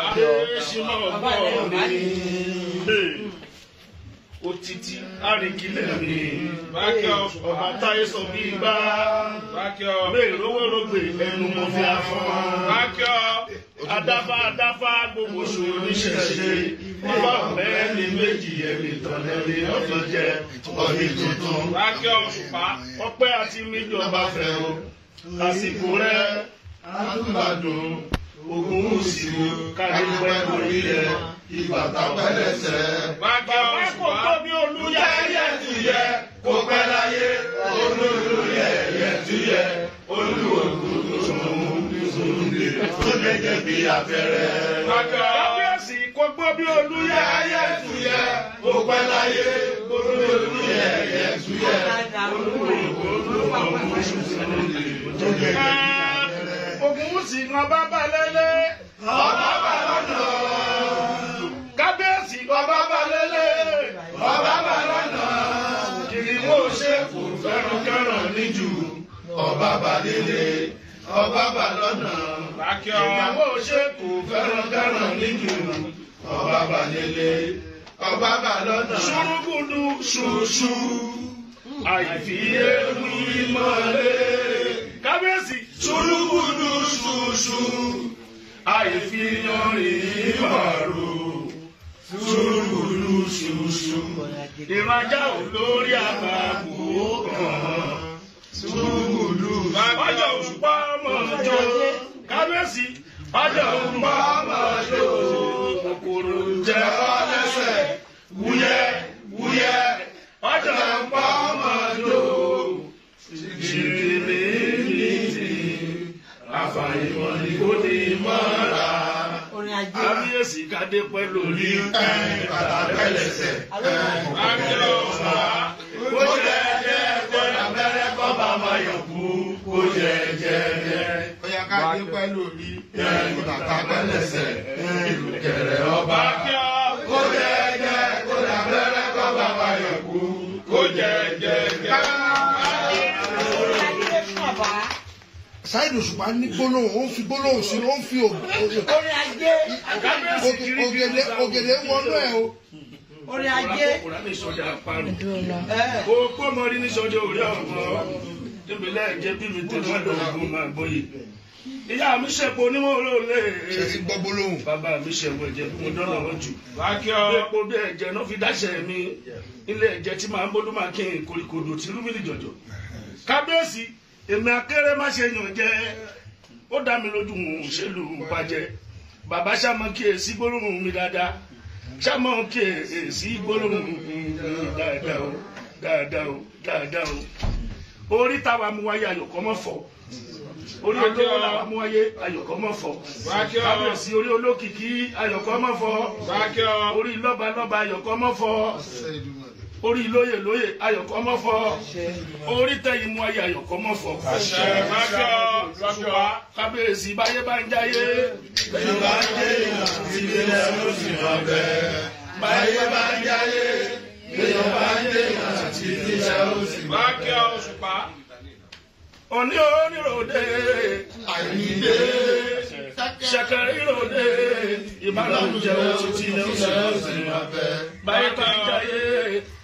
adéṣínà ọgbọ́n mi òtítí àríkìlẹ̀ mi bákẹ́ ọba táyé sọ bí gbá bákẹ́ mẹ́rìndínlógórógbè ẹnu mo fi afọ́n bákẹ́ adáfá adáfá gbogbo ṣòro níṣẹ̀ṣe ọba ọ̀rẹ́ ní méjì ẹ̀mí tọ̀lẹ́lẹ́ ọ̀tún jẹ ọ̀dí tuntun bákẹ́ ọ̀ṣùpá ọpẹ́ àti mídìí ọba fẹ́ o àsìkò rẹ̀ adúmbàdùn. Ògún sì ni kájípẹ́ lórí rẹ̀ ìbàtà pẹ́lẹ́sẹ̀. Bàbá wa kò tóbi olúyẹ ẹyẹ ti yẹ kó pẹ́ láyé olúyẹ ẹyẹ ti yẹ olú Ògún tó sùn lè tó lè jẹ́ bí abẹ́rẹ́. Bàbá wa sì kò tóbi olúyẹ ẹyẹ ti yẹ kó pẹ́ láyé olúyẹ ẹyẹ ti yẹ olú Ògún tó sùn lè tó lè jẹ́ bí abẹ́rẹ́. Ògúnwùsì lọ bá bá lélẹ̀. Ọba bá lọ́nà. Kábíyèsí lọ bá bá lélẹ̀. Ọba bá lọ́nà. Kìrìwó ṣe kò fẹ́ràn kẹ́ràn níjù. Ọba bá lélẹ̀. Ọba bá lọ́nà. Kìrìwó ṣe kò fẹ́ràn kẹ́ràn níjù. Ọba bá lélẹ̀. Ọba bá lọ́nà. Ṣùrùkùdù ṣùṣù. Àìfiyé wí mọ́lẹ̀ kábíyèsí. ṣùrùkùdù ṣùṣù àìfihànrin ìwàrò ṣùrùkùdù ṣùṣù ìrajà olórí àbàkù kan ṣùrùkùdù. ọjọ́ òṣùpá mọ̀jọ́ kábíyèsí ọjọ́ òṣùpá mọ̀jọ́ kòkòrò jẹ́ ọ́. onímọ̀ra àríyèsí kádé pẹ́ lórí bàtà tẹ́lẹ̀sẹ̀ àríyè ọ̀sà kó jẹ́ jẹ́ jẹ́ abẹ́rẹ́ kọ́ bá máa yọ̀ kú kó jẹ́ jẹ́ jẹ́ bóyá kádé pẹ́ lórí bàtà tẹ́lẹ̀sẹ̀ ìlùkẹ̀rẹ̀ ọba kó jẹ́ jẹ́ kó jẹ́ abẹ́rẹ́ kọ́ bá máa yọ̀ kú kó jẹ́ jẹ́. Saheed Òṣùpá ní gbólóhùn ó ń fi gbólóhùn sí ó ń fi ògèdè ògèdè wọnú ẹ o. orí ajé òpó mo rí ní sọjọ orí ọmọ tóbi lẹ́ẹ̀jẹ bí mi tẹ̀ mọ́tò ogun máa gbóyè ìyá mi ṣẹ̀pọ̀ onímọ̀ olóòlè gbọ́gbólóhùn bàbá mi ṣẹ̀pọ̀ ẹ̀jẹ̀ fún mi dọ́là wọn jù epo bí ẹ̀jẹ̀ náà fi dáṣẹ̀ mi ilé ẹ̀jẹ̀ tí màá ń bọ́dún máa kí n koríkodò tìlú mi ní jọ̀jọ̀ kábíyèsí èmi akéré má ṣe yàn jẹ ó dá mi lójú mò ṣèlú bàjẹ́ bàbá ṣàmọ kíyèsí gbólóhùn mi dáadáa ṣàmọ kíyèsí gbólóhùn mi dáadáa o dáadáa o dáadáa o orí táwa mú wáyé ayọ̀kọ́ mọ́ fọ́ orí olówó làwọn mú wáyé ayọ̀kọ́ mọ̀ fọ́ kábíyèsí orí olókìkí ayọ̀kọ́ mọ̀ fọ́ orí lọ́balọ́ba ayọ̀kọ́ mọ̀ fọ́ orí lóyè lóyè ayọ̀kọ́ mọ́ fọ́ orí tẹ̀yìn mú ayé ayọ̀kọ́ mọ́ fọ́. kábíyèsí báyé bá ń jáyé. bẹ́ẹ̀ bá ń jẹ́ ìlànà ìbílẹ̀ ló sì máa bẹ̀. báyé bá ń jáyé. bẹ́ẹ̀ bá ń jẹ́ ìlànà ìbílẹ̀ ló sì máa bẹ̀ oni oníròde àyíde sẹkẹrì ròde ìbálòjẹ òtítì lẹwùsẹ lọsẹ abẹ báyìí kan jáyé.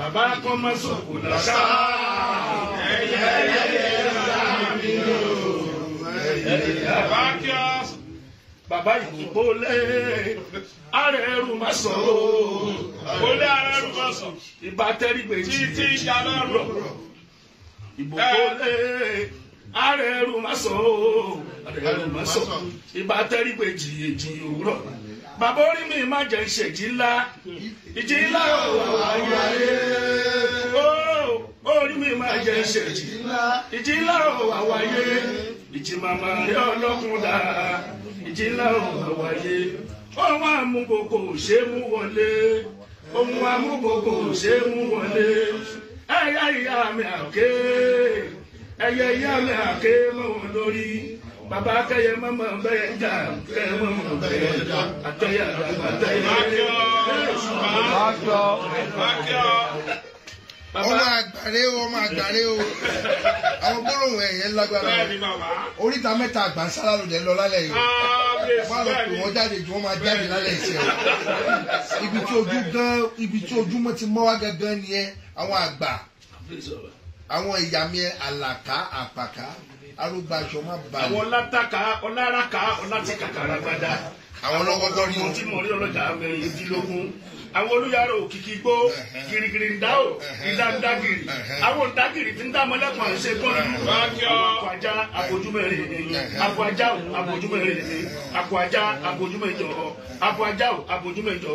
bàbá kan má sòkò lọ́sà. ẹyẹ ẹyẹ sàmì lò. bàbá kí ọ bàbá ìdìbò lé ara ẹrù má sọ ooo ó lé ara ẹrù má sọ ìbá tẹrígbè tí tí ìjà lọrọ ìbòkó lé ara ẹrù má sọ ooo ara ẹrù má sọ ìbá tẹrígbè jìyè jìyè òwúrọ̀. bàbá orí mi má jẹ́ ìṣèjì ńlá ìjì ńlá òwò ayé orí mi má jẹ́ ìṣèjì ìjì ńlá òwò ayé ìjì màmá rí ọlọ́kùn dára ìjì ńlá òwò ayé ohun àmúgbòkò ṣe mú wọlé ohun àmúgbòkò ṣe mú wọlé ẹ̀yà ìyá mi àké ẹ̀yà ìyá mi àké wọn lórí. bàbá akẹyẹ mọmọ bẹyẹ jà akẹyẹ mọmọ bẹyẹ jà akẹyẹ àgbàgbà tẹyẹ. bákíọ bákíọ bákíọ. ọmọ àgbàre o ọmọ àgbàre o àwọn gbólóhùn ẹ̀yẹ lágbára oríta mẹ́ta àgbàsára ló dẹ̀ lọ lálẹ́ yìí wọ́n lọ pè wọ́n jáde ju wọ́n máa jáde lálẹ́ ìṣẹ́ ibi tí ojú gan ibi tí ojúmọ́ ti mọ́ wá gangan nìyẹn àwọn àgbà àwọn ìyàmí àlàká àpàká arúgbó aṣọ má bàa. àwọn ọlátàkà ọláràkà ọlátìkàkà rágbádá àwọn lọ́kọ́tọ́ rí ohun tí mo rí ọlọ́jà mẹ́rìndínlógún àwọn olùyàrá òkìkí gbó girigiri ń dá o ìdá ń dá giri àwọn ń dá giri ti ń dá mọ́lẹ́kùn à ń ṣe kọ́ńtù àpò ajá àbójúmẹ́rin àpò ajá àbójúmẹ́rin àpò ajá àbójúmẹ́jọ àpò ajá àbójúmẹ́jọ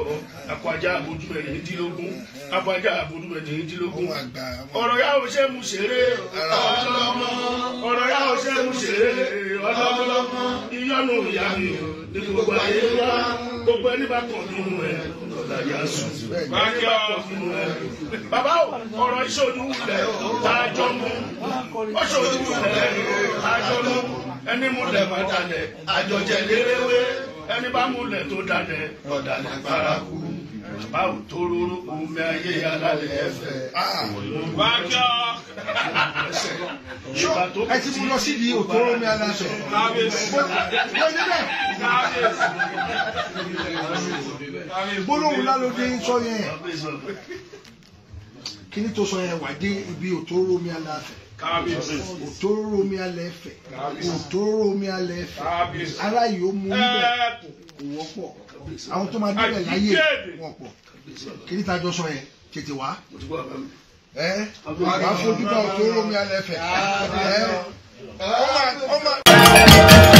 àpò ajá àbójúmẹ́rin dínlógún àpò ajá àbójúmẹ́rin dínlógún ọ̀rọ̀ yà ó ṣe mú ṣeré ọlọ́mọ ọ̀rọ̀ yà ó ṣe mú ṣeré ọlọ́mọ lọ́rùn ìyá mi o ní gbogbo ayé wá gbogbo ẹni bá kàn nínú ẹ lọ́dà yà sùn. bàbá o ọ̀rọ̀ iṣẹ́ olúwulẹ̀ tá a jọ mú ọṣọ olúwulẹ̀ tá a jọ mú ẹni múlẹ̀ má dalẹ̀ àjọjẹ lérewé ẹni bá múlẹ̀ tó dalẹ̀ ọ̀dàlẹ̀ paraku bàbá ò tó rúrú omi ayé alálẹ̀ ẹ̀fẹ̀. Ah, wá kí ọ. ẹ ti mú lọ sí di òtó omi gbólóhùn lálódé sọ yẹn kí tó sọ yẹn wà dé ibi òtó omi alálẹ̀ òtóró omi alẹ́ fẹ̀ òtóró omi alẹ́ fẹ̀ ara yìí ó mú bẹ́ẹ̀ kò wọ́pọ̀ àwọn tó máa débẹ̀ láyé wọn pọ̀ kí níta jọ sọ yẹn tètè wá ẹ wàá fojú bá òtó lómi alẹ́ fẹ̀